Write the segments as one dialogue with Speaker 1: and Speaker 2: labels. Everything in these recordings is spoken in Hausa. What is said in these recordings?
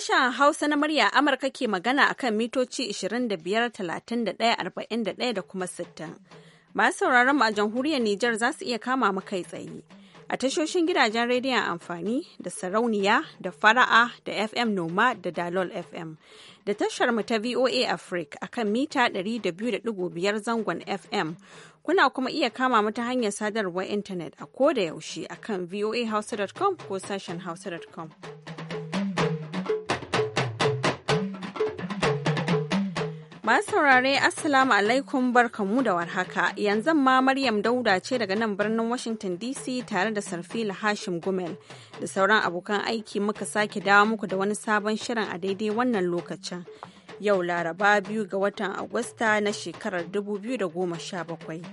Speaker 1: Sashen Hausa na murya Amurka ke magana akan mitoci 25, 31, 41 da kuma 60. Masu sauraron mu a jamhuriyar Nijar za su iya kama mu kai tsaye. A tashoshin gidajen rediyon amfani da sarauniya da fara'a da FM Noma da Dalol FM da tashar mu ta VOA Africa akan mita 200.5 zangon FM. Kuna kuma iya kama mu ta hanyar sadarwar intanet a ko da yaushe akan voahouse.com ko sashen hausa.com. Masu saurare Assalamu alaikum barkanmu da warhaka yanzu ma Maryam Dauda ce daga nan birnin Washington DC tare da Sarfila Hashim Gumel da sauran abokan aiki muka sake dawo muku da wani sabon shirin a daidai wannan lokacin. Yau Laraba biyu ga watan Agusta na shekarar 2017.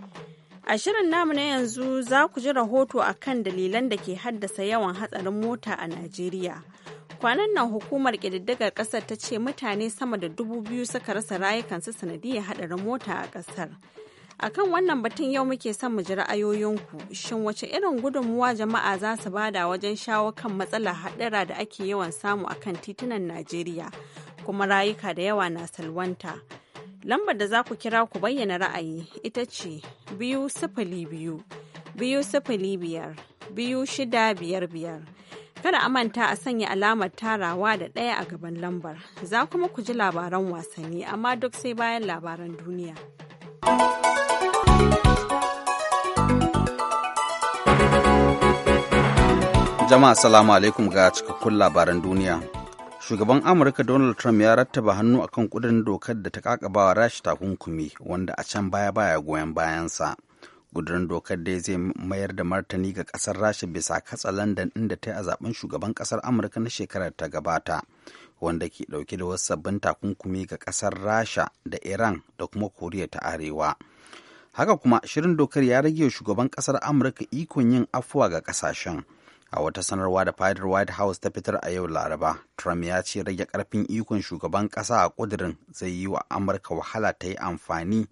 Speaker 1: A shirin namu na yanzu za ku ji rahoto akan dalilan da ke haddasa yawan hatsarin mota a Najeriya. kwanan nan hukumar ƙididdigar ƙasar ta ce mutane sama da dubu biyu suka rasa rayukansu sanadiyar haɗarin mota a ƙasar akan wannan batun yau muke son mu ji ra'ayoyinku shin wace irin gudunmuwa jama'a za su bada wajen shawo kan matsalar haɗara da ake yawan samu a kan titunan najeriya kuma rayuka da yawa na salwanta lambar da za ku kira ku bayyana ra'ayi ita ce biyu sifili biyu biyu sifili biyar biyu shida biyar biyar Kada a manta a sanya alamar tarawa da ɗaya a gaban lambar. Za kuma ku ji labaran wasanni amma duk sai bayan labaran duniya.
Speaker 2: Jama'a salamu alaikum ga cikakkun labaran duniya. Shugaban Amurka Donald Trump ya rattaba hannu akan kudin dokar da ta kakabawa rashi takunkumi wanda a can baya baya goyon bayansa. gudurin dokar dai zai mayar da martani ga kasar rasha bisa katsa london inda ta yi a zaben shugaban kasar amurka na shekarar ta gabata wanda ke dauke da wasu sabbin takunkumi ga kasar rasha da iran da kuma koriya ta arewa haka kuma shirin dokar ya rage wa shugaban kasar amurka ikon yin afuwa ga kasashen a wata sanarwa da fadar white house ta fitar a yau laraba trump ya ce rage karfin ikon shugaban kasa a kudirin zai yi wa amurka wahala ta yi amfani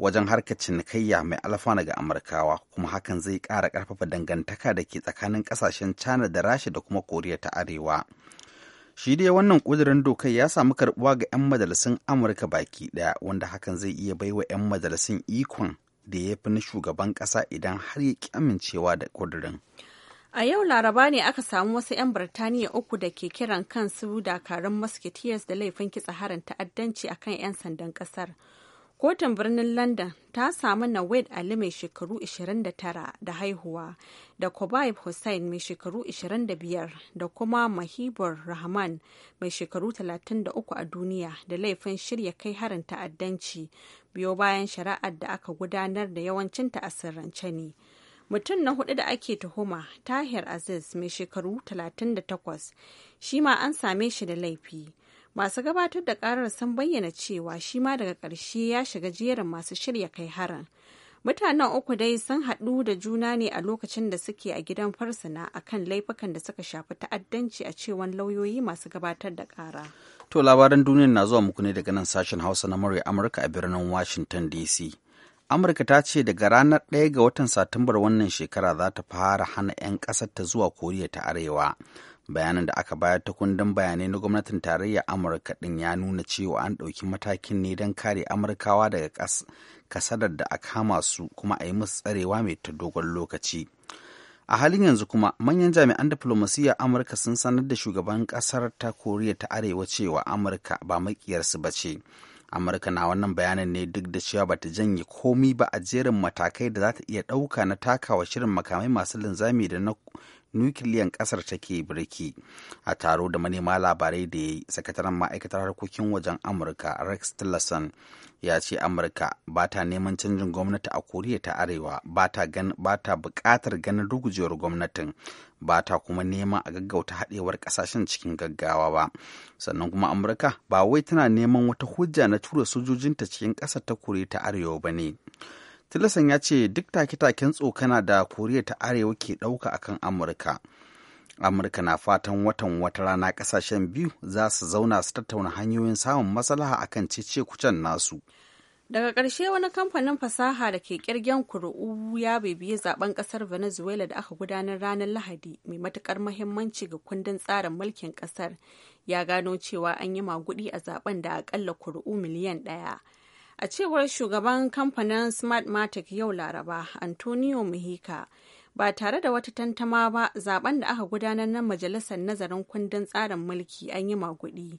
Speaker 2: wajen harkar cinikayya mai alfana ga amurkawa kuma hakan zai ƙara ƙarfafa dangantaka da ke tsakanin ƙasashen china da rasha da kuma koriya ta arewa shi dai wannan ƙudurin dokar ya samu karbuwa ga 'yan majalisun amurka baki ɗaya wanda hakan zai iya baiwa 'yan majalisun ikon da ya fi na shugaban ƙasa idan har ya ƙi amincewa da ƙudurin
Speaker 1: A yau Laraba ne aka samu wasu 'yan Birtaniya uku da ke kiran kansu dakarun Musketeers da laifin kitsa harin ta'addanci akan 'yan sandan kasar. kotun birnin london ta samu nawed ali mai shekaru 29 da haihuwa da kobayib hussain mai shekaru 25 da kuma mahibur rahman mai shekaru 33 a duniya da laifin shirya kai harin ta'addanci biyo bayan shari'ar da aka gudanar da yawancin a sirrance ne mutum na hudu da ake tuhuma tahir aziz mai shekaru 38 shi ma an same shi da laifi masu gabatar da karar sun bayyana cewa shi ma daga karshe ya shiga jerin masu shirya kai harin mutanen uku dai sun haɗu da juna ne a lokacin da suke a gidan farsuna kan laifukan da suka shafi ta'addanci a cewan lauyoyi masu gabatar da kara.
Speaker 2: to labaran duniyar na zuwa muku ne daga nan sashen hausa na murya amurka a birnin washington dc amurka ta ce daga ranar 1 ga watan satumbar wannan shekara za ta fara hana 'yan ƙasar ta zuwa koriya ta arewa bayanan da aka bayar ta kundin bayanai na gwamnatin tarayyar amurka din ya nuna cewa an ɗauki matakin ne don kare amurkawa daga kasadar da aka kama su kuma a yi musu tsarewa mai ta dogon lokaci a halin yanzu kuma manyan jami'an diflomasiyyar amurka sun sanar da shugaban kasar ta koriya ta arewa cewa amurka ba makiyarsu ba ce amurka na wannan bayanin ne duk da cewa bata janye komi ba a jerin matakai da za ta iya ɗauka na takawa shirin makamai masu linzami da na nukiliyan kasar take birki a taro da manema labarai da ya yi sakataren ma'aikatar harkokin wajen amurka rex tillerson ya ce amurka ba ta neman canjin gwamnati a koriya ta arewa ba ta bukatar ganin rugujewar gwamnatin ba ta kuma neman a gaggauta haɗewar kasashen cikin gaggawa ba sannan kuma amurka ba wai tana neman wata hujja na tura sojojinta cikin ƙasar ta koriya ta arewa ba ne tillerson ya ce duk take-taken tsokana da koriya ta arewa ke ɗauka akan amurka amurka na fatan watan wata rana ƙasashen biyu za su zauna su tattauna hanyoyin samun maslaha akan cece kucen nasu
Speaker 1: daga ƙarshe wani kamfanin fasaha da ke kirgen kuru'u ya bibiye zaben ƙasar venezuela da aka gudanar ranar lahadi mai matuƙar mahimmanci ga kundin tsarin mulkin ƙasar ya gano cewa an yi maguɗi a zaben da aƙalla kuru'u miliyan ɗaya a cewar shugaban kamfanin matic yau laraba antonio muhika ba tare da wata tantama ba zaben da aka gudanar na majalisar nazarin kundin tsarin mulki an yi maguɗi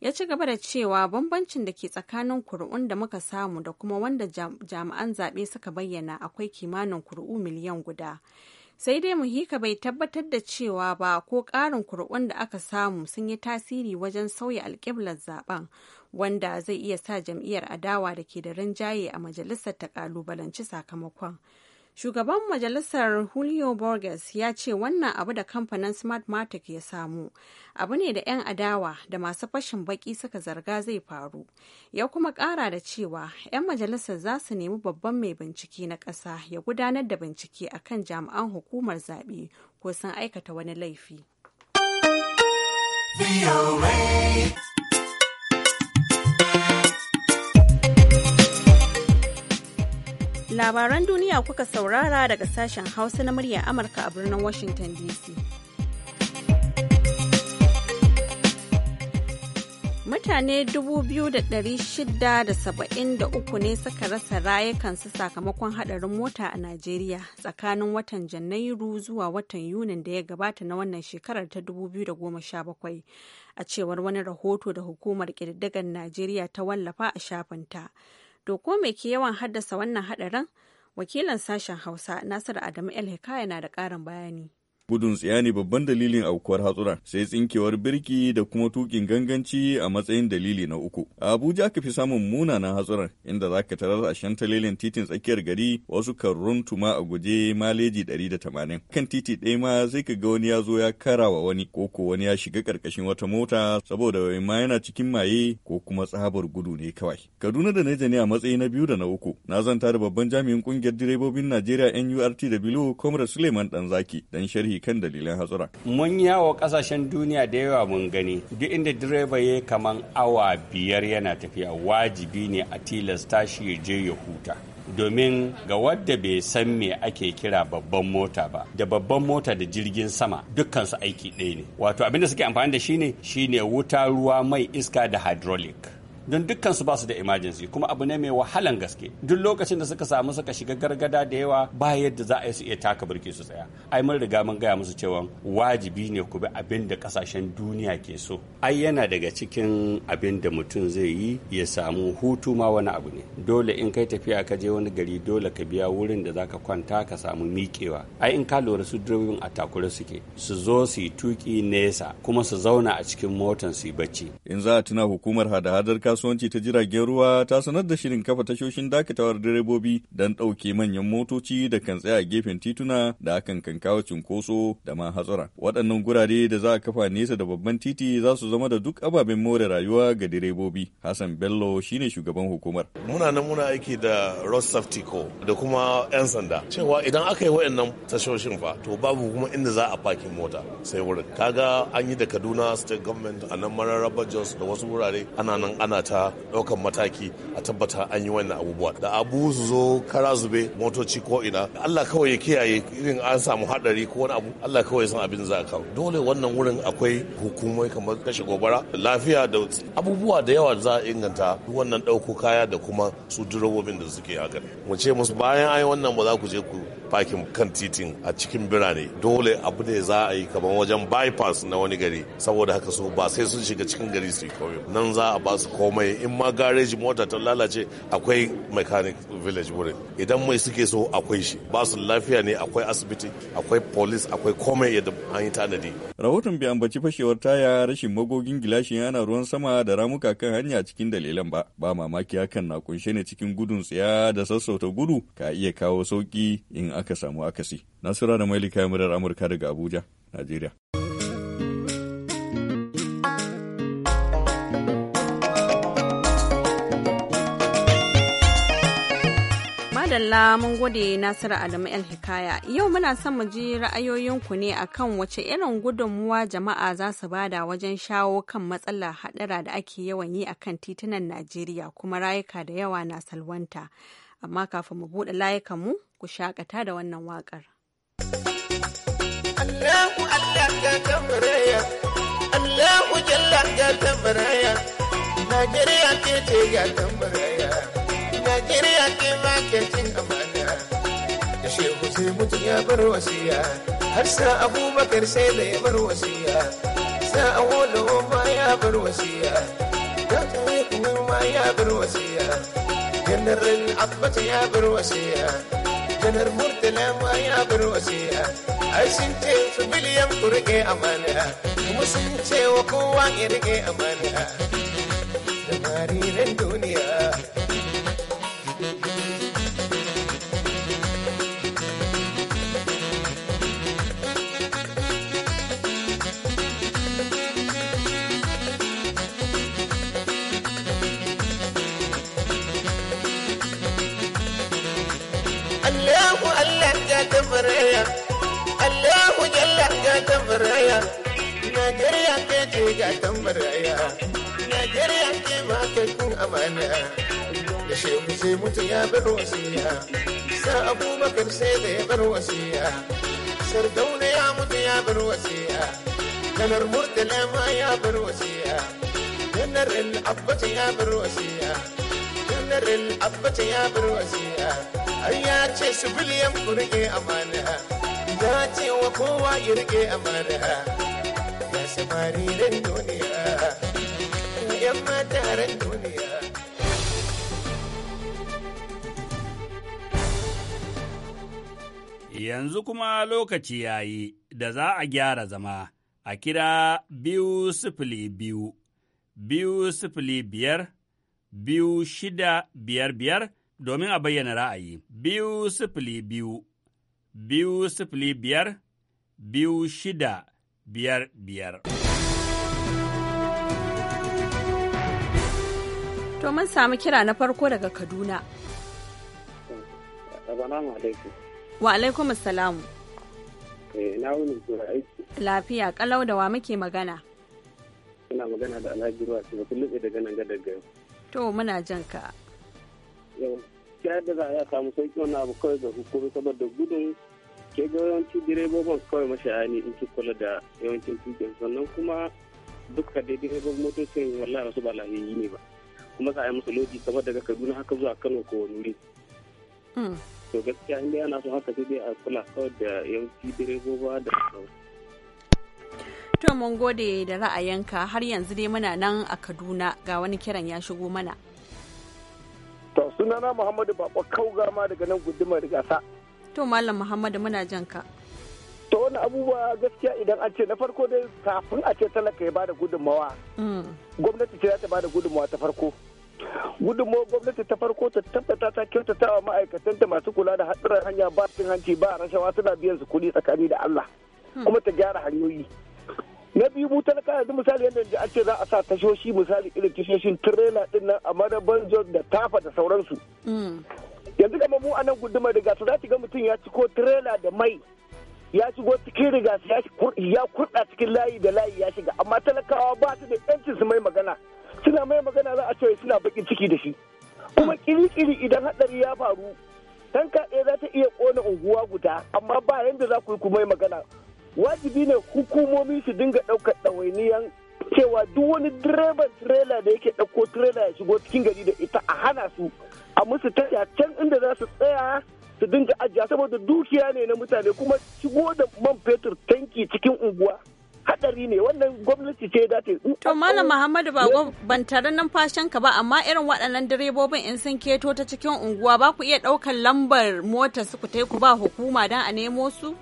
Speaker 1: ya ci gaba da cewa bambancin da ke tsakanin kuri'un da muka samu da kuma wanda jami'an zaɓe suka bayyana akwai kimanin kuri'u miliyan guda sai dai muhika bai tabbatar da cewa ba ko ƙarin kurɓun da aka samu sun yi tasiri wajen sauya alƙiblar zaben wanda zai iya sa jam'iyyar adawa da ke da rinjaye a majalisar ta ƙalubalanci sakamakon Shugaban majalisar Julio Borges ya ce wannan abu da kamfanin Smartmatic ya samu abu ne da 'yan adawa da masu fashin baki suka zarga zai faru. Ya kuma kara da cewa 'yan majalisar za su nemi babban mai bincike na ƙasa ya gudanar da bincike a kan jami'an hukumar zaɓe ko sun aikata wani laifi. Labaran duniya kuka saurara daga sashen Hausa na murya Amurka a birnin Washington DC. Mutane 2,673 ne suka rasa rayukansu sakamakon haɗarin mota a Najeriya tsakanin watan Janairu zuwa watan Yunin da ya gabata na wannan shekarar ta 2017, a cewar wani rahoto da hukumar ƙididdigar Najeriya ta wallafa a shafinta. To ko me ke yawan haddasa wannan hadarin Wakilan sashen Hausa Nasiru Adamu El Hikaya na da ƙarin bayani.
Speaker 3: Gudun tsiya ne babban dalilin aukuwar hatsura, sai tsinkewar birki da kuma tukin ganganci a matsayin dalili na uku. A Abuja aka fi samun na hatsuran, inda za ka tarar a shan talelin titin tsakiyar gari wasu kan runtuma a guje maleji ɗari da tamanin Kan titi ɗaya ma sai ka ga wani ya zo ya kara wa wani, ko ko wani ya shiga ƙarƙashin wata mota saboda ma yana cikin maye ko kuma tsabar gudu ne kawai. Kaduna da Naija ne a matsayi na biyu da na uku. Na zanta da babban jami'in ƙungiyar direbobin Najeriya da NURTW Comrade Suleiman Danzaki dan sharhi kan dalilan hatsura. Mun yawo kasashen duniya da yawa mun gani duk inda direba ya kaman awa biyar yana tafiya wajibi ne a tilasta shi ya je ya huta. domin ga wadda bai san me ake kira babban mota ba da babban mota da jirgin sama dukkansu aiki ɗaya ne wato abinda suke amfani da shi ne shi ne wuta ruwa mai iska da hydraulic don dukkan su ba su da emergency kuma abu ne mai wahalan gaske duk lokacin da suka samu suka shiga gargada da yawa ba yadda za a yi su iya taka birki su tsaya ai mun riga mun gaya musu cewa wajibi ne ku bi abin da kasashen duniya ke so ai yana daga cikin abin da mutum zai yi ya samu hutu ma wani abu ne dole in kai tafiya ka je wani gari dole ka biya wurin da zaka kwanta ka samu miƙewa ai in ka lura su drobin a takura suke su zo su yi tuki nesa kuma su zauna a cikin motan su yi bacci in za a tuna hukumar hada-hadar kasuwanci ta jiragen ruwa ta sanar da shirin kafa tashoshin dakatawar direbobi don ɗauke manyan motoci da kan tsaya a gefen tituna da akan kan kawo cunkoso da ma hatsura. Waɗannan gurare da za a kafa nesa da babban titi za su zama da duk ababen more rayuwa ga direbobi. Hassan Bello shi ne shugaban hukumar. Muna nan muna aiki da Road Safety Co da kuma
Speaker 4: 'yan sanda. Cewa idan aka yi waɗannan tashoshin fa to babu kuma inda za a fakin mota sai wurin. Kaga an yi da Kaduna State Government a nan Mararaba Jos da wasu wurare ana nan ana ta ɗaukan mataki a tabbata an yi wannan abubuwa da abu su zo kara zube motoci ko ina Allah kawai ya kiyaye irin an samu hadari ko wani abu Allah kawai san abin za kawo dole wannan wurin akwai hukumai kamar kashe gobara lafiya da abubuwa da yawa za a inganta wannan dauko kaya da kuma su durobobin da suke haka mu ce musu bayan an yi wannan ba za ku je ku fakin kan titin a cikin birane dole abu ne za a yi kamar wajen bypass na wani gari saboda haka su ba sai sun shiga cikin gari su yi kauye nan za a ba su komai in ma gareji mota ta lalace akwai mechanic village wurin idan mai suke so akwai shi ba su lafiya ne akwai asibiti akwai police akwai komai yadda an yi tanadi
Speaker 3: rahoton bai ambaci fashewar taya rashin magogin gilashin yana ruwan sama da ramuka kan hanya cikin dalilan ba ba mamaki hakan na kunshe ne cikin gudun tsaya da sassauta gudu ka iya kawo sauki in aka samu akasi nasura da mailika murar amurka daga abuja najeriya
Speaker 1: Allah mun gode Nasiru Adamu El Hikaya. Yau muna son mu ji ra'ayoyinku ne akan wace irin gudunmuwa jama'a za su bada wajen shawo kan matsalar hadara da ake yawan yi akan titunan Najeriya kuma rayuka da yawa na salwanta. Amma kafin mu buɗe layukanmu ku shakata da wannan wakar.
Speaker 5: Allahu Allah ga
Speaker 4: tambaraya, Allahu Jalla ga tambaraya, Najeriya ga tambaraya. sai mutu ya bar wasiya har sa abubakar sai da ya bar wasiya sa awolo ma ya bar wasiya da ta yi ma ya bar wasiya Janaral abbas ya bar wasiya janar murtala ma ya bar wasiya ai sun ce su biliyan kurge amana kuma sun ce wa kowa ya rike amana da gatan baraya Najeriya ke ce gatan baraya Najeriya ke makakin amana da shehu sai mutu ya bar wasiya sar abubakar sai da ya bar wasiya sar dauna ya mutu ya bar wasiya kanar murtala ma ya bar wasiya kanar al'abbata ya bar wasiya kanar al'abbata ya bar wasiya ai ya ce su biliyan kurke amana dacewa kowa ya rike amana ya samariren duniya yan mataren duniya
Speaker 3: Yanzu kuma lokaci ya yi da za a gyara zama a kira biyu sifili biyu, biyu sifili biyar, biyu shida biyar biyar domin a bayyana ra'ayi, biyu sifili biyu biyu sifili biyar biyu shida biyar biyar.
Speaker 1: To mun samu kira na farko daga Kaduna.
Speaker 3: alaikum.
Speaker 1: Wa alaikum assalamu.
Speaker 6: Eh,
Speaker 1: Lafiya kalau da wa muke magana.
Speaker 6: Ina magana da Alhaji Ruwa ce ba kullum daga nan ga daga.
Speaker 1: To muna jan ka.
Speaker 6: Yau gaskiya da za a samu sauki wani abu kawai ga hukumi saboda gudun ke ga yawanci direbobin kawai ne in ki kula da yawancin tukin sannan kuma duka da direbobin motocin wallahi wasu ba yi ne ba kuma za a yi musu lodi kamar daga kaduna haka zuwa kano ko wani wuri mm. to gaskiya inda yana son haka sai dai a kula kawai da yawanci direbobin da
Speaker 1: to mun gode da ra'ayinka har yanzu dai muna nan a kaduna ga wani kiran ya shigo
Speaker 4: mana To sunana Muhammadu Bako Kauga ma daga nan gudumar gasa.
Speaker 1: To Malam Muhammadu muna jan ka.
Speaker 4: To wani abubuwa gaskiya idan an ce na farko dai kafin a ce talaka ya bada gudunmawa. Mm. Gwamnati ce za ta bada gudunmawa ta farko. Gudunmawa gwamnati ta farko ta tabbata ta kyautata wa ma'aikatanta masu kula da haɗuran hanya ba cin hanci ba rashawa suna biyan su kuɗi tsakani da Allah hmm. kuma ta gyara hanyoyi na biyu mu talaka yanzu misali yadda da ake za a sa tashoshi misali irin tashoshin tirela din nan a madaban da tafa da sauransu mm. yanzu kama mu a nan guduma da gasa za ki ga mutum ya ciko tirela da mai ya shigo cikin riga ya kurda cikin layi da layi ya shiga amma talakawa ba su da yancin su mai magana suna mai magana za a ce suna bakin ciki da shi kuma kiri-kiri idan haɗari ya faru tanka ɗaya za ta iya kona unguwa guda amma ba yadda za ku yi ku mai magana wajibi ne hukumomi su dinga ɗaukar ɗawainiyan cewa duk wani direban tirela da yake ɗauko tirela ya shigo cikin gari da ita a hana su a musu tasha can inda za su tsaya su dinga ajiya saboda dukiya ne na mutane kuma shigo da man fetur tanki cikin unguwa hadari ne wannan gwamnati ce da ta to malam muhammadu
Speaker 1: ba ban tare nan fashin ka ba amma irin waɗannan direbobin in sun keto ta cikin unguwa ba ku iya ɗaukar lambar motar su ku ku ba hukuma don a nemo su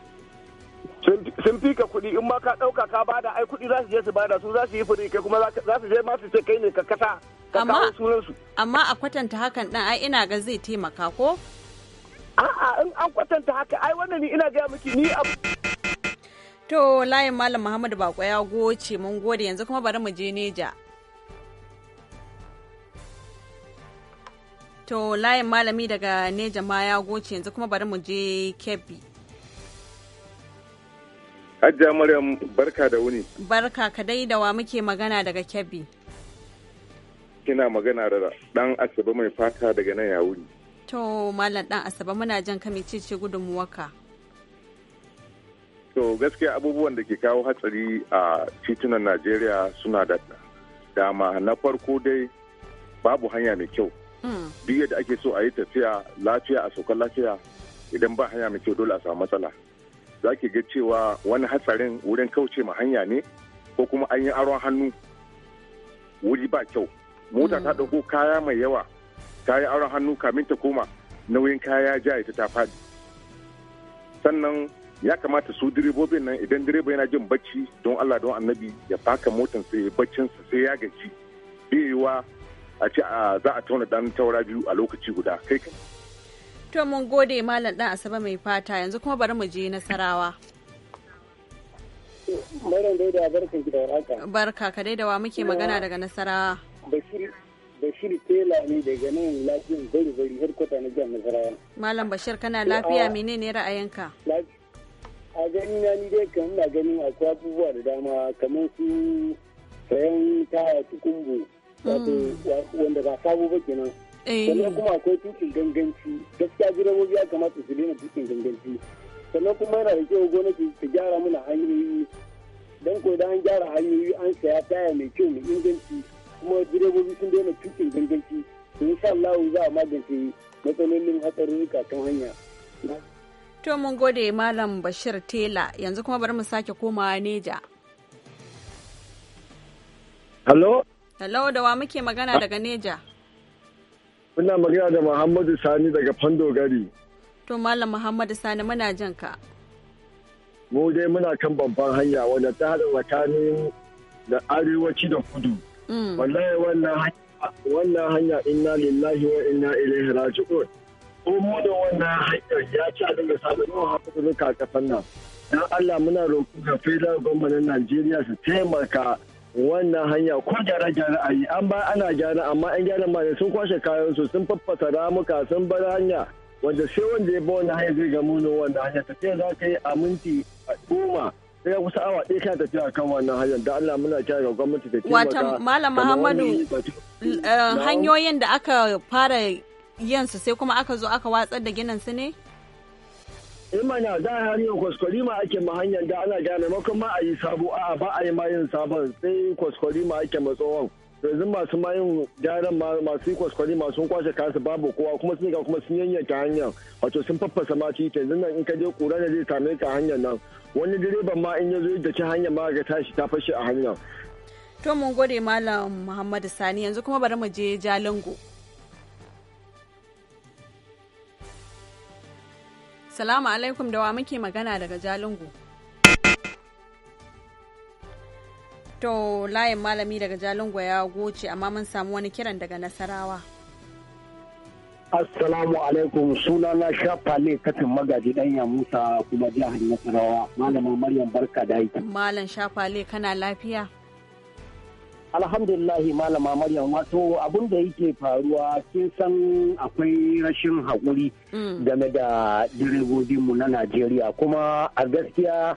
Speaker 4: sun fi ka kuɗi in ma ka ɗauka ka bada ai kuɗi za su je su bada su za su yi fure kai kuma za su je ma su ce kai ne ka kasa ka kawo
Speaker 1: sunansu. Amma a kwatanta hakan dan ai ina ga zai taimaka ko?
Speaker 4: A'a in an kwatanta haka ai wannan ni ina gaya miki ni abu.
Speaker 1: To layin Malam Muhammadu Bako ya goce mun gode yanzu kuma bari mu je Neja. To layin malami daga Neja ma ya goce yanzu kuma bari mu je Kebbi.
Speaker 4: Hajjia Maryam barka da
Speaker 7: wuni.
Speaker 1: Barka ka da wa muke magana daga Kebbi.
Speaker 7: Kina magana da ɗan Asabe mai fata daga nan ya wuni.
Speaker 1: To Malam ɗan Asabe muna jan ka gudun gudunmuwarka.
Speaker 7: To gaskiya abubuwan da ke kawo hatsari a titunan Najeriya suna da dama na farko dai babu hanya mai kyau. Hmm. Duk yadda ake so a yi tafiya lafiya a saukar lafiya idan ba hanya mai kyau dole a samu matsala. za ki ga cewa wani hatsarin wurin kauce ma hanya ne ko kuma an yi aron hannu wuri ba kyau mota ta hmm. ɗauko kaya mai yawa ta yi aron hannu kamin ta koma nauyin kaya ja ita ta faɗi sannan ya kamata su direbobin nan idan direba yana jin bacci don Allah don annabi ya faka motan sai ya baccinsa sai ya gaji bai yiwa a ce za a tauna dan taura biyu a lokaci guda kai
Speaker 1: To mun gode malam dan Asabe mai fata yanzu kuma bari mu je Nasarawa. Malam Dauda barkan ki da warhaka. Barka ka dai da wa muke magana daga Nasarawa. Bashir Bashir
Speaker 6: Tela ne daga nan lafiyan bari bari har kwata na jihar
Speaker 8: Nasarawa.
Speaker 1: Malam Bashir kana lafiya menene ra'ayinka?
Speaker 6: A gani na ni dai kan ina ganin akwai abubuwa da dama kamar su sayan kaya tukumbu. Mm. wanda ba sabo ba kenan.
Speaker 8: Eh. sannan kuma
Speaker 6: akwai tukin ganganci gaskiya direbobi ya kamata su daina tukin ganganci sannan kuma yana da kyau gwamnati ta gyara mana hanyoyi don ko an gyara hanyoyi an saya taya mai kyau mai inganci kuma direbobi sun daina tukin ganganci to insha Allah za a magance matsalolin hatsarurruka kan hanya
Speaker 1: to mun gode malam Bashir Tela yanzu kuma bari mu sake komawa Neja Hello Hello da wa muke magana daga Neja
Speaker 7: Muna magana da Muhammadu Sani daga Fando Gari.
Speaker 1: To Malam Muhammadu Sani muna jan ka.
Speaker 7: Mu dai muna kan babban hanya wanda ta haɗa tsakanin da arewaci da kudu. Mm. Wallahi wannan hanya inna lillahi wa inna ilaihi raji'un. mu da wannan hanyar ya ci a daga samun yawan haɓaka a ƙasar nan. Don Allah muna roƙo ga federal gwamnatin Najeriya su taimaka wannan hanya ko gyara gyara a yi an ba ana gyara amma an gyara ma sun kwashe kayan su sun faffasa ramuka sun bar hanya wanda sai wanda ya ba wannan hanya zai ga munin wannan hanya tafiya za ka yi a minti goma sai ya kusa awa ɗaya kana tafiya kan wannan hanya da Allah muna kira ga gwamnati ta wata Malam Muhammadu eh,
Speaker 1: hanyoyin da aka fara yansu sai kuma aka zo aka watsar da ginin su ne?
Speaker 7: imana eh, da har kwaskwarima ake ma hanyar da ana gane makon ma a yi sabo a'a ba a yi ma yin sabon sai kwaskwarima ake ma tsohon yanzu masu mayin gyaran masu kwaskwari sun kwashe kasu babu kowa kuma sun ga kuma sun ta hanyar wato sun faffasa ma titi yanzu nan in ka je kura da zai same ka hanyar nan wani direban ma in ya zo da ci hanyar ma ga tashi ta fashe a hanyar.
Speaker 1: to mun gode malam muhammadu sani yanzu kuma bari mu je jalingo. Salamu alaikum da wa muke magana daga Jalingo. To layin malami daga Jalingo ya goce amma mun samu wani kiran daga Nasarawa.
Speaker 6: Assalamu alaikum suna shafa ne katin magaji dan ya musa kuma jihar Nasarawa. Malama Maryam barka da aiki.
Speaker 1: Malam shafa kana lafiya?
Speaker 6: alhamdulillahi malama maryam wato abun da yake faruwa kin san akwai rashin haƙuri mm. game da direbobinmu na najeriya kuma a gaskiya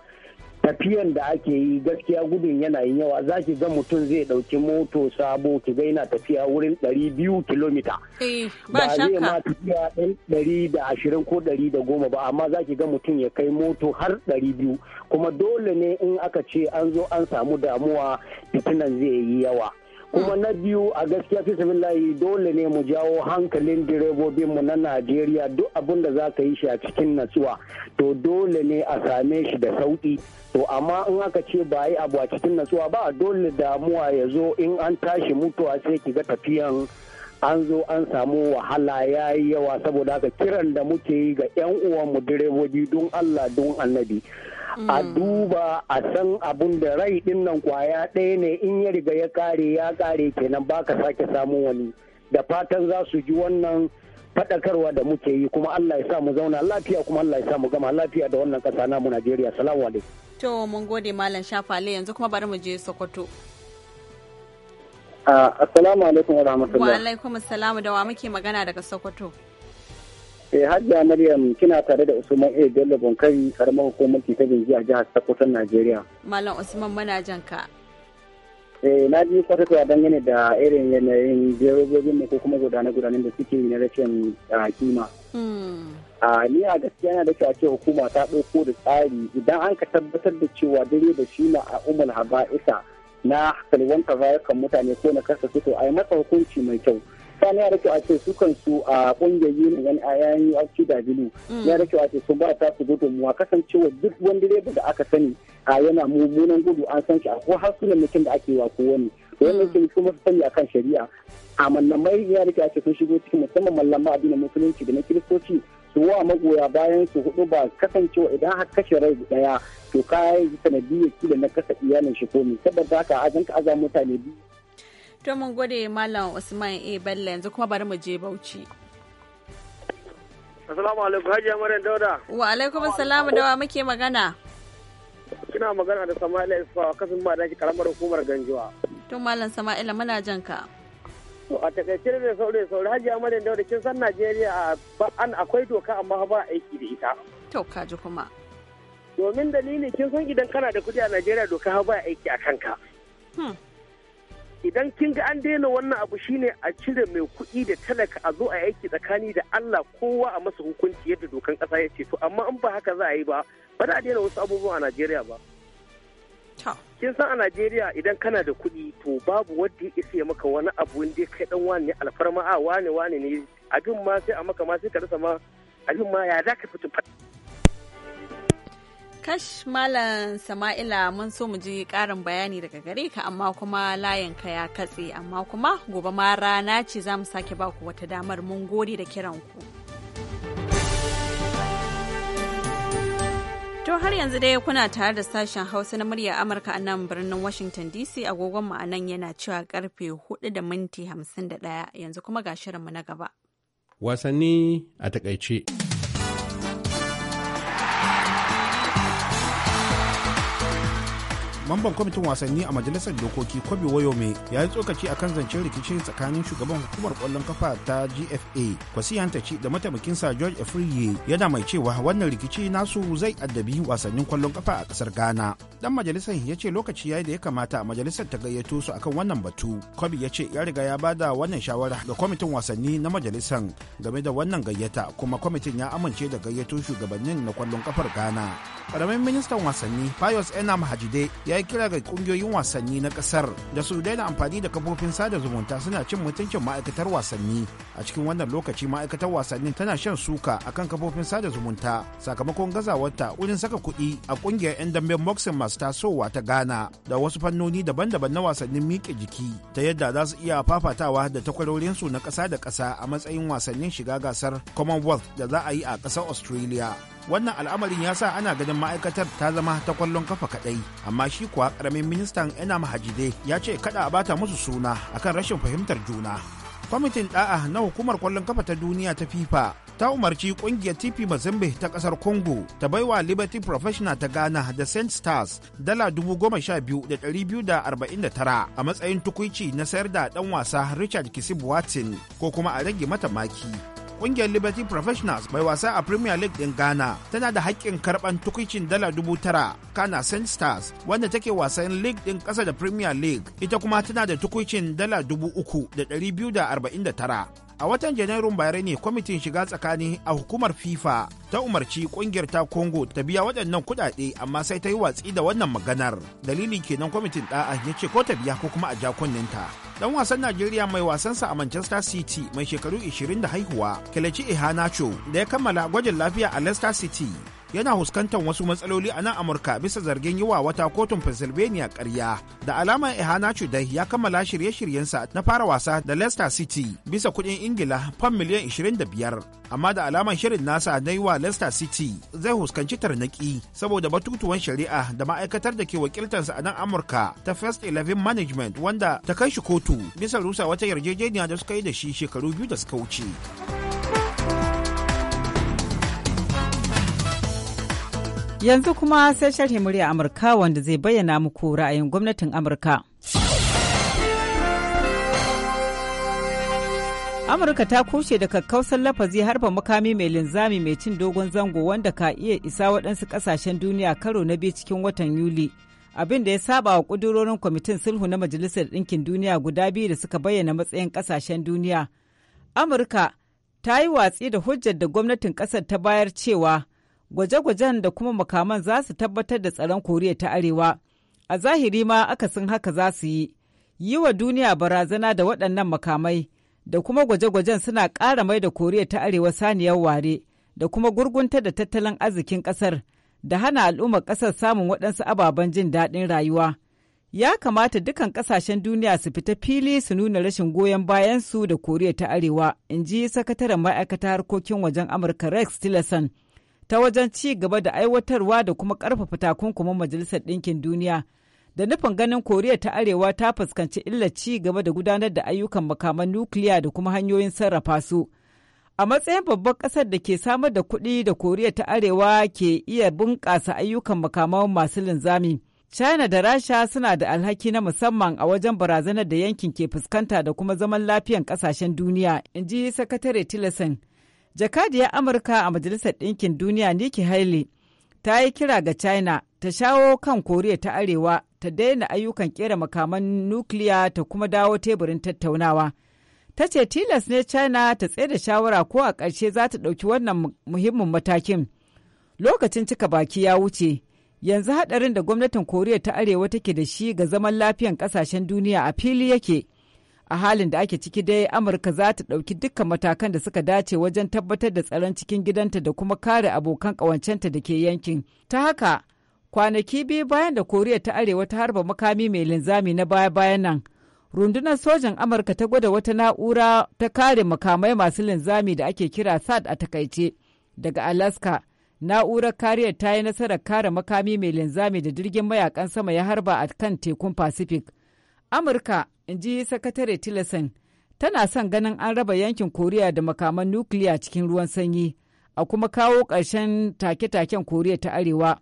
Speaker 6: tafiyan da ake yi gaskiya gudun yana yin yawa za ki ga mutum zai ɗauki moto sabo ki ga yana tafiya wurin 200 kilomita
Speaker 8: eh, ba zai ma
Speaker 6: tafiya ɗari da ashirin ko ɗari da goma ba amma za ki ga mutum ya kai moto har ɗari biyu kuma dole ne in aka ce an zo an samu damuwa fitinan zai yi yawa kuma na biyu a gaskiya fi layi dole ne mu jawo hankalin direbobin mu na Najeriya duk abin da za ka yi shi a cikin natsuwa to dole ne a same shi da sauki to amma in aka ce ba yi abu a cikin natsuwa ba dole damuwa ya zo in an tashi mutuwa sai ki ga tafiyan an zo an samu wahala ya yi yawa saboda haka kiran da muke yi ga 'yan uwanmu direbobi don Allah don annabi a mm. duba a san abun da rai din nan kwaya ɗaya ne in ya riga ya kare ya kare kenan baka sake samu wani da fatan za su ji wannan faɗakarwa da muke yi kuma Allah ya sa mu zauna lafiya kuma Allah ya sa mu gama lafiya da wannan ƙasa namu Najeriya salamu alaikum
Speaker 1: to mun gode malam Shafale yanzu kuma bari mu je Sokoto
Speaker 6: ah, assalamu alaikum wa rahmatullahi wa
Speaker 1: alaikum assalamu da wa muke magana daga Sokoto
Speaker 6: Eh Hajiya Maryam kina tare da Usman A Bello Bonkari karamar hukumar ta Binji a jihar Sokoto Najeriya.
Speaker 1: Malam Usman mana janka. ka.
Speaker 6: Eh na ji kwatatawa dangane da irin yanayin jerobobin ne ko kuma gudane-gudanen da suke na rashin ah, kima.
Speaker 8: Hmm.
Speaker 6: a ah, ni a gaskiya na da kyau ce hukuma ta ɗauko da tsari idan an ka tabbatar da cewa dare da shi na a umar haba'isa na salwantar rayukan mutane ko na kasa fito a yi masa hukunci mai kyau sani da kyau a ce su kan su a kungiyar union a yayin aiki da bilu ya da kyau a ce sun ba ta su a kasancewa duk wani direba da aka sani a yana mummunan gudu an san shi a ko harsunan mutum da ake wa ko wani mm. wannan sun kuma sani akan shari'a
Speaker 8: a mallamai
Speaker 6: ya da kyau a ce sun shigo cikin musamman mallama addinin musulunci da na kiristoci su wa magoya bayan su hudu ba kasancewa idan har kashe rai daya to kayan sanadiyar kila na kasa iyalin shi komi saboda haka a ka aza mutane biyu
Speaker 1: To mun gode Malam Usman A Bello yanzu kuma bari mu je Bauchi.
Speaker 4: Assalamu alaikum Hajiya Maryam Dauda.
Speaker 1: Wa alaikum assalam dawa muke magana.
Speaker 6: Kina magana da Sama'ila Isfawa kasan ba da karamar hukumar Ganjuwa.
Speaker 1: To Malam Sama'ila muna jan ka.
Speaker 6: To a takaice da saurayi saurayi Hajiya Maryam Dauda kin san Najeriya an akwai doka amma ba aiki da ita.
Speaker 4: To kaji kuma. Domin dalili kin san idan kana da kudi a Najeriya doka ba aiki a kanka. Hmm. idan kin ga an daina wannan abu shine a cire mai kuɗi da talaka a zo a aiki tsakani da Allah kowa a masa hukunci yadda dokan ƙasa ya ce to amma in ba haka za a yi ba ba za a daina wasu abubuwa a Najeriya ba. Kin san a Najeriya idan kana da kuɗi to babu wanda ya isa maka wani abu wanda kai dan wani ne alfarma
Speaker 6: a wani wani ne abin ma sai a maka ma sai ka rasa ma abin ma ya za ka fito
Speaker 1: Kash Malam Sama'ila mun so mu ji karin bayani daga gare ka amma kuma layin ka ya katse amma kuma gobe ma rana ce za mu sake baku wata damar mun gode da kiran ku. To har yanzu dai kuna tare da sashen Hausa na murya Amurka a nan birnin Washington DC agogon mu a yana cewa karfe 4 da minti 51 yanzu kuma ga shirinmu na gaba.
Speaker 2: Wasanni a takaice. mamban kwamitin
Speaker 9: wasanni a majalisar dokoki kwabi wayome ya yi tsokaci a kan zancen rikici tsakanin shugaban hukumar kwallon kafa ta gfa kwasi hantaci da mataimakinsa george efriye yana mai cewa wannan rikici nasu zai addabi wasannin kwallon kafa a kasar ghana dan majalisar ya ce lokaci ya yi da ya kamata a majalisar ta gayyato su akan wannan batu kwabi ya ce ya riga ya bada wannan shawara ga kwamitin wasanni na majalisar game da wannan gayyata kuma kwamitin ya amince da gayyato shugabannin na kwallon kafar ghana ƙaramin ministan wasanni fayos enam hajide ya yi kira ga kungiyoyin wasanni na kasar da su daina amfani da kafofin sada zumunta suna cin mutuncin ma'aikatar wasanni a cikin wannan lokaci ma'aikatar wasanni tana shan suka akan kafofin sada zumunta sakamakon gazawarta wurin saka kuɗi a kungiyar 'yan damben boxing masu tasowa ta ghana da wasu fannoni daban-daban na wasannin miƙe jiki ta yadda za su iya fafatawa da takwarorinsu na ƙasa da ƙasa a matsayin wasannin shiga gasar commonwealth da za a yi a ƙasar australia wannan al'amarin ya sa ana ganin ma'aikatar ta zama ta kwallon kafa kadai amma shi kuwa karamin ministan enam hajide ya ce kada a bata musu suna akan rashin fahimtar juna kwamitin da'a na hukumar kwallon kafa ta duniya ta fifa ta umarci kungiyar tp mazimbe ta kasar congo ta baiwa liberty professional ta ghana da saint stars dala tara a matsayin tukuici na sayar da dan wasa richard kisib ko kuma a rage mata maki kungiyar Liberty Professionals mai wasa a Premier League din Ghana tana da haƙƙin karɓan tukicin dala dubu tara kana Saint Stars wanda take wasan League din ƙasa da Premier League ita kuma tana da tukicin dala dubu uku da ɗari biyu da arba'in da tara. a watan janairun bayar ne kwamitin shiga tsakani a hukumar fifa ta umarci kungiyar ta congo ta biya waɗannan kuɗaɗe amma sai ta yi watsi da wannan maganar dalili kenan kwamitin ɗa'a ya ce ko ta biya ko kuma a ja kunninta dan wasan najeriya mai wasansa a manchester city mai shekaru 20 da haihuwa kelechi ihanacho da ya kammala gwajin lafiya a leicester city yana huskantar wasu matsaloli a nan amurka bisa zargin yi wa wata kotun pennsylvania karya da alama ihana dai ya kammala shirye-shiryensa na fara wasa da leicester city bisa kudin ingila fam miliyan 25 amma da alamar shirin nasa na yi wa leicester city zai huskanci tarnaki saboda batutuwan shari'a da ma'aikatar da ke wakiltarsa a nan amurka ta first 11 management wanda ta kai shi kotu bisa rusa wata yarjejeniya da suka yi da shi shekaru biyu da suka wuce.
Speaker 5: Yanzu kuma sai sharhi murya Amurka wanda zai bayyana muku ra'ayin gwamnatin Amurka. Amurka ta kushe da kakkausan lafazi harba makami mai linzami mai cin dogon zango wanda ka iya isa waɗansu ƙasashen duniya karo na biyu cikin watan Yuli. Abin da ya saba wa ƙudurorin kwamitin sulhu na Majalisar Ɗinkin Duniya guda biyu da suka bayyana matsayin ƙasashen duniya. Amurka ta yi watsi da hujjar da gwamnatin ƙasar ta bayar cewa gwaje-gwajen da kuma makaman za su tabbatar da tsaron koriya ta arewa a zahiri ma akasin haka za su yi yi wa duniya barazana da waɗannan makamai da kuma gwaje-gwajen suna ƙara mai da koriya ta arewa saniyar ware da kuma gurgunta da tattalin arzikin ƙasar da hana al'ummar ƙasar samun waɗansu ababen jin daɗin rayuwa ya kamata dukan ƙasashen duniya su fita fili su nuna rashin goyon bayan su da koriya ta arewa in ji sakataren ma'aikata harkokin wajen amurka rex tillerson ta wajen ci gaba da aiwatarwa da kuma ƙarfafa takunkumin Majalisar Ɗinkin Duniya. Da nufin ganin Koriya ta Arewa ta fuskanci illar ci gaba da gudanar da ayyukan makaman nukiliya da kuma hanyoyin sarrafa su. A matsayin babbar ƙasar da ke samar da kuɗi da Koriya ta Arewa ke iya bunƙasa ayyukan makaman masu linzami. China da Rasha suna da alhaki na musamman a wajen barazanar da yankin ke fuskanta da kuma zaman lafiyan ƙasashen duniya, in ji Sakatare Tillerson. jakadiyar amurka a majalisar ɗinkin duniya nikki haley ta yi kira ga china ta shawo kan koriya ta arewa ta daina ayyukan kera makaman nukiliya ta kuma dawo teburin tattaunawa ta ce tilas ne china ta tsaye da shawara ko a ƙarshe za ta ɗauki wannan muhimmin matakin lokacin cika baki ya wuce yanzu haɗarin da gwamnatin koriya ta arewa take da shi ga zaman lafiyan ƙasashen duniya a fili yake a halin da ake ciki dai amurka za ta ɗauki dukkan matakan da suka dace wajen tabbatar da tsaron cikin gidanta da kuma kare abokan ƙawancenta da ke yankin ta haka kwanaki biyu bayan da koriya ta arewa ta harba makami mai linzami na baya-bayan nan rundunar sojan amurka ta gwada wata na'ura ta kare makamai masu linzami da ake kira sad a takaice daga alaska na'urar kariyar ta yi nasarar kare makami mai linzami da jirgin mayakan sama ya harba a kan tekun pacific amurka in ji sakatare tillerson tana son ganin an raba yankin koriya da makaman nukiliya cikin ruwan sanyi a kuma kawo ƙarshen take-taken koriya ta arewa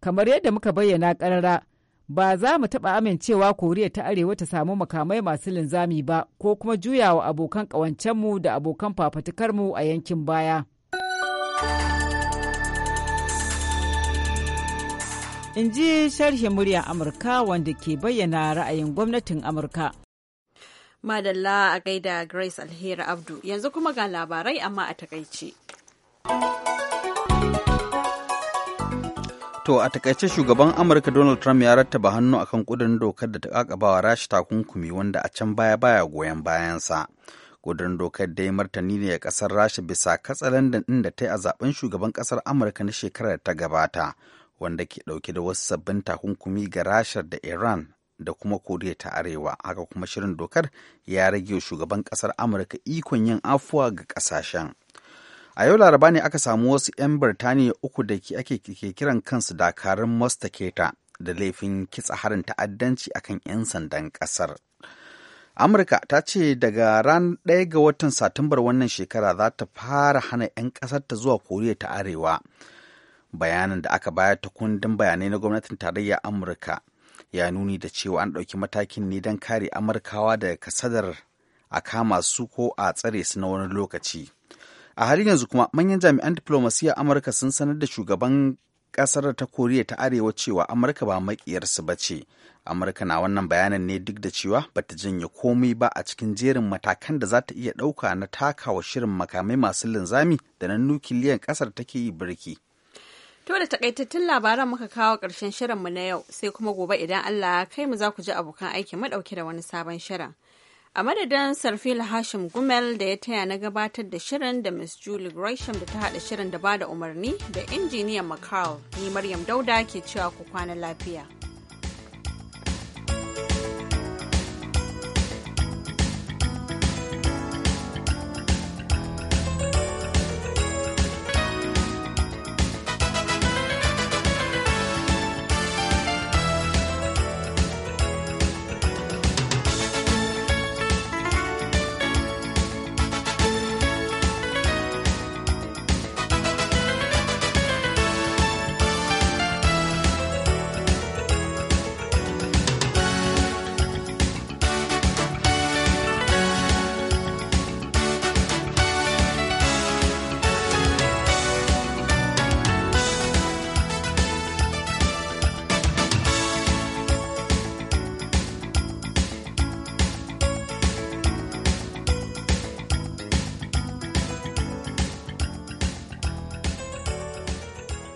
Speaker 5: kamar yadda muka bayyana ƙarara ba za mu taɓa amincewa koriya ta arewa ta samu makamai masu linzami ba ko kuma juyawa abokan ƙawancenmu da abokan fafatukarmu a yankin baya. in ji sharhin murya Amurka wanda ke bayyana ra'ayin gwamnatin Amurka.
Speaker 1: Madalla a gaida Grace Alheri Abdu yanzu kuma ga labarai amma a takaice.
Speaker 2: To a takaice shugaban Amurka Donald Trump ya rattaba hannu akan kudin dokar da ta kakabawa rashi takunkumi wanda a can baya baya goyon bayansa. kudin dokar dai martani ne ya kasar rasha bisa katsalandan inda ta yi a zaben shugaban kasar Amurka na shekarar ta gabata wanda ke dauke da wasu sabbin takunkumi ga rashar da iran da kuma koriya ta arewa haka kuma shirin dokar ya rage shugaban kasar amurka ikon yin afuwa ga kasashen. a yau laraba ne aka samu wasu 'yan birtaniya uku da ake kiran kansu dakarun mastaketa da laifin kitsa harin ta'addanci akan 'yan sandan ƙasar amurka ta ce daga ran 1 ga watan satumbar wannan shekara za ta fara hana 'yan ƙasar ta zuwa koriya ta arewa bayanan da aka bayar ta kundin bayanai na gwamnatin tarayya amurka ya nuni da cewa an ɗauki matakin ne don kare amurkawa daga kasadar a kama su ko a tsare su na wani lokaci a halin yanzu kuma manyan jami'an diplomasiyya amurka sun sanar da shugaban kasar ta koriya ta arewa cewa amurka ba makiyarsu ba ce amurka na wannan bayanin ne duk da cewa bata janye komai ba a cikin jerin matakan da za ta iya ɗauka na takawa shirin makamai masu linzami da na nukiliyan kasar take yi birki
Speaker 1: To da takaitattun labaran muka kawo ƙarshen shirinmu na yau sai kuma gobe idan Allah ya kai mu za ku ji abokan aiki madauke da wani sabon shirin. A madadin Sarfil Hashim Gumel da ya taya na gabatar da shirin da Miss Julie Gresham da ta haɗa shirin da ba da umarni da injiniyan Macau ni Maryam Dauda ke cewa ku kwana lafiya.